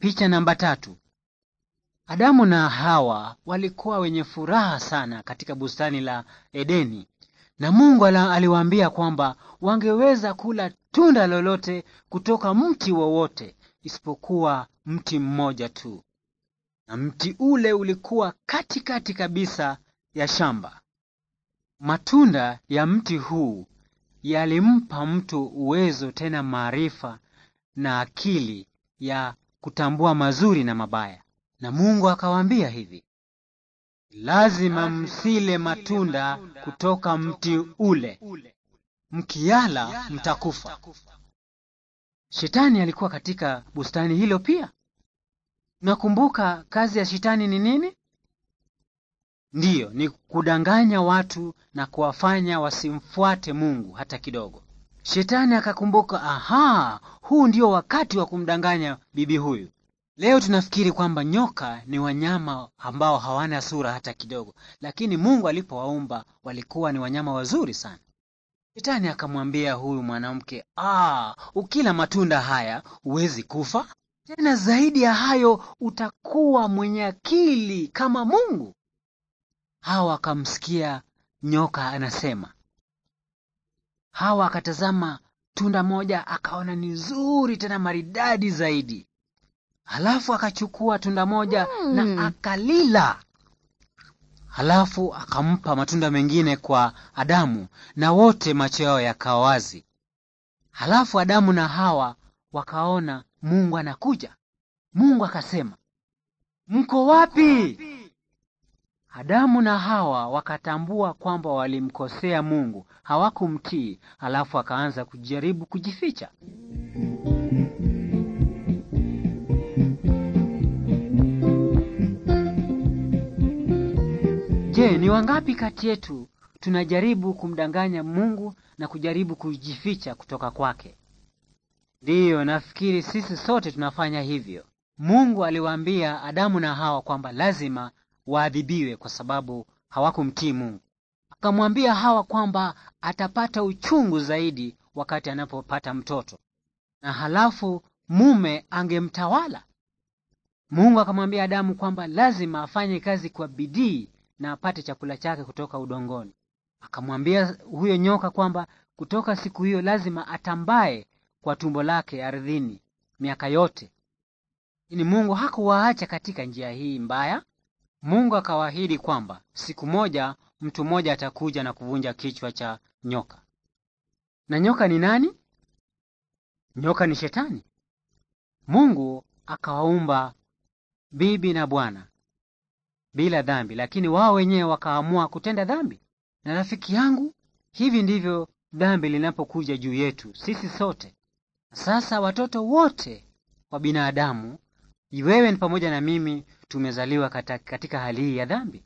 Picha namba tatu. Adamu na Hawa walikuwa wenye furaha sana katika bustani la Edeni, na Mungu aliwaambia kwamba wangeweza kula tunda lolote kutoka mti wowote isipokuwa mti mmoja tu, na mti ule ulikuwa katikati kati kabisa ya shamba. Matunda ya mti huu yalimpa mtu uwezo, tena maarifa na akili ya kutambua mazuri na mabaya, na Mungu akawaambia hivi, lazima msile matunda kutoka mti ule, mkiala mtakufa. Shetani alikuwa katika bustani hilo pia. Nakumbuka kazi ya shetani ni nini? Ndiyo, ni kudanganya watu na kuwafanya wasimfuate Mungu hata kidogo. Shetani akakumbuka, aha, huu ndio wakati wa kumdanganya bibi huyu. Leo tunafikiri kwamba nyoka ni wanyama ambao hawana sura hata kidogo, lakini Mungu alipowaumba walikuwa ni wanyama wazuri sana. Shetani akamwambia huyu mwanamke, ah, ukila matunda haya huwezi kufa, tena zaidi ya hayo utakuwa mwenye akili kama Mungu. Hawa akamsikia nyoka anasema Hawa akatazama tunda moja akaona ni zuri tena maridadi zaidi. Halafu akachukua tunda moja mm, na hmm. akalila. Halafu akampa matunda mengine kwa Adamu na wote macho yao yakawa wazi. Halafu Adamu na Hawa wakaona Mungu anakuja. Mungu akasema, "Mko wapi?" Adamu na Hawa wakatambua kwamba walimkosea Mungu, hawakumtii, alafu akaanza kujaribu kujificha. Je, ni wangapi kati yetu tunajaribu kumdanganya Mungu na kujaribu kujificha kutoka kwake? Ndiyo, nafikiri sisi sote tunafanya hivyo. Mungu aliwaambia Adamu na Hawa kwamba lazima waadhibiwe kwa sababu hawakumtii Mungu. Akamwambia Hawa kwamba atapata uchungu zaidi wakati anapopata mtoto na halafu mume angemtawala. Mungu akamwambia Adamu kwamba lazima afanye kazi kwa bidii na apate chakula chake kutoka udongoni. Akamwambia huyo nyoka kwamba kutoka siku hiyo lazima atambae kwa tumbo lake ardhini miaka yote. Lakini Mungu hakuwaacha katika njia hii mbaya, Mungu akawaahidi kwamba siku moja mtu mmoja atakuja na kuvunja kichwa cha nyoka. Na nyoka ni nani? Nyoka ni Shetani. Mungu akawaumba bibi na bwana bila dhambi, lakini wao wenyewe wakaamua kutenda dhambi. Na rafiki yangu, hivi ndivyo dhambi linapokuja juu yetu sisi sote. Sasa watoto wote wa binadamu wewe ni pamoja na mimi tumezaliwa katika hali hii ya dhambi.